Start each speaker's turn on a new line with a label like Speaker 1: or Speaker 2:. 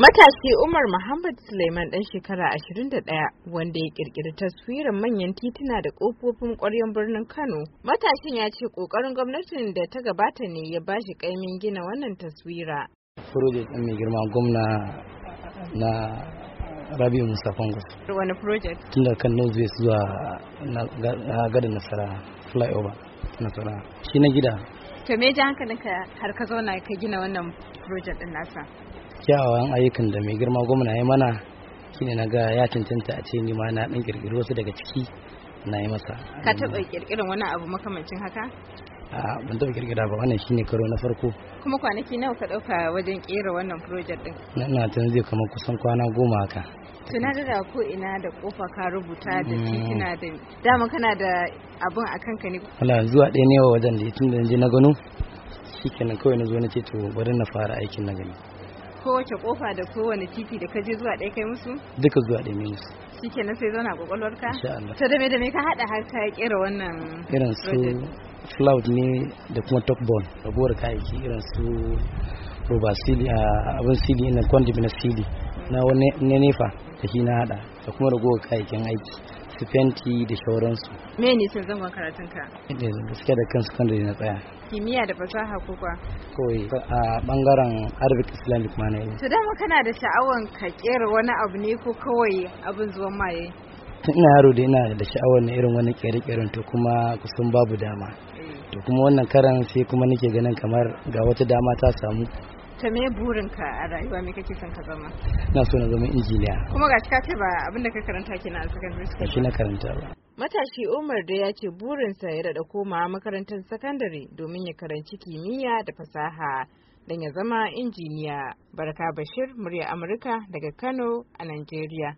Speaker 1: Matashi Umar Muhammad Suleiman ɗan shekara 21 wanda ya kirkiri taswirar manyan tituna da ƙofofin ƙwaryen birnin Kano. Matashin ya ce ƙoƙarin gwamnatin da ta gabata ne ya ba shi ƙaimin gina wannan taswira.
Speaker 2: Project ɗin mai girma gwamna na Rabi Musa Fungus.
Speaker 1: Wani project?
Speaker 2: Tun da kan North zuwa na gada Nasara, flyover Nasara. Shi na gida
Speaker 1: to me ji ka har ka zauna ka gina wannan project din nasa
Speaker 2: kyawawan ayyukan da mai girma gwamna ya mana shine na ga ya cancanta a ce ni ma na dan kirkiri wasu daga ciki na yi masa ka taɓa
Speaker 1: kirkirin wani abu makamancin haka
Speaker 2: a ban taɓa kirkira ba wannan shine karo na farko
Speaker 1: kuma kwanaki nawa ka ɗauka wajen ƙera wannan project din
Speaker 2: na tun zai kama kusan kwana goma haka
Speaker 1: Tunada da ko ina da kofa ka rubuta da mm. titina da dama kana da abin a kanka ne
Speaker 2: wala zuwa ɗaya ne wajen da tun da je na gano shikenan kawai na zo na ce to bari na fara aikin na gani
Speaker 1: kowace kofa da kowane titi da kaje zuwa ɗaya kai musu
Speaker 2: duka zuwa ɗaya ne musu
Speaker 1: shikenan sai zauna kwakwalwarka insha Allah to da me da me ka hada har ka kera wannan irin su
Speaker 2: cloud ne da kuma talkbone ragowar kayayyaki irin su roba a ah, abin sili na kwandi na Sili na wani nefa da shi na hada da kuma ragowa kayakin aiki su fenti da shauransu
Speaker 1: me ne sun zangon karatun ka
Speaker 2: da gaskiya da kan secondary na tsaya
Speaker 1: kimiyya da fasaha ko kwa
Speaker 2: kawai a bangaren arabic islamic ma ne. yi
Speaker 1: to dama kana da sha'awan ka kera wani abu ne ko kawai abin zuwan maye
Speaker 2: tun ina yaro da ina da sha'awar na irin wani kere-keren to kuma kusan babu dama eh. to kuma wannan karan sai kuma nake ganin kamar ga wata dama ta samu
Speaker 1: ta me burinka a rayuwa me kake son ka zama
Speaker 2: na so na zama injiniya
Speaker 1: kuma gashi ka ce ba abinda ka karanta kina a secondary school
Speaker 2: shi na karanta ba
Speaker 1: matashi Umar da ya ce burinsa ya daɗa komawa makarantar sakandare domin ya karanci kimiyya da fasaha don ya zama injiniya barka bashir murya amurka daga kano a Najeriya.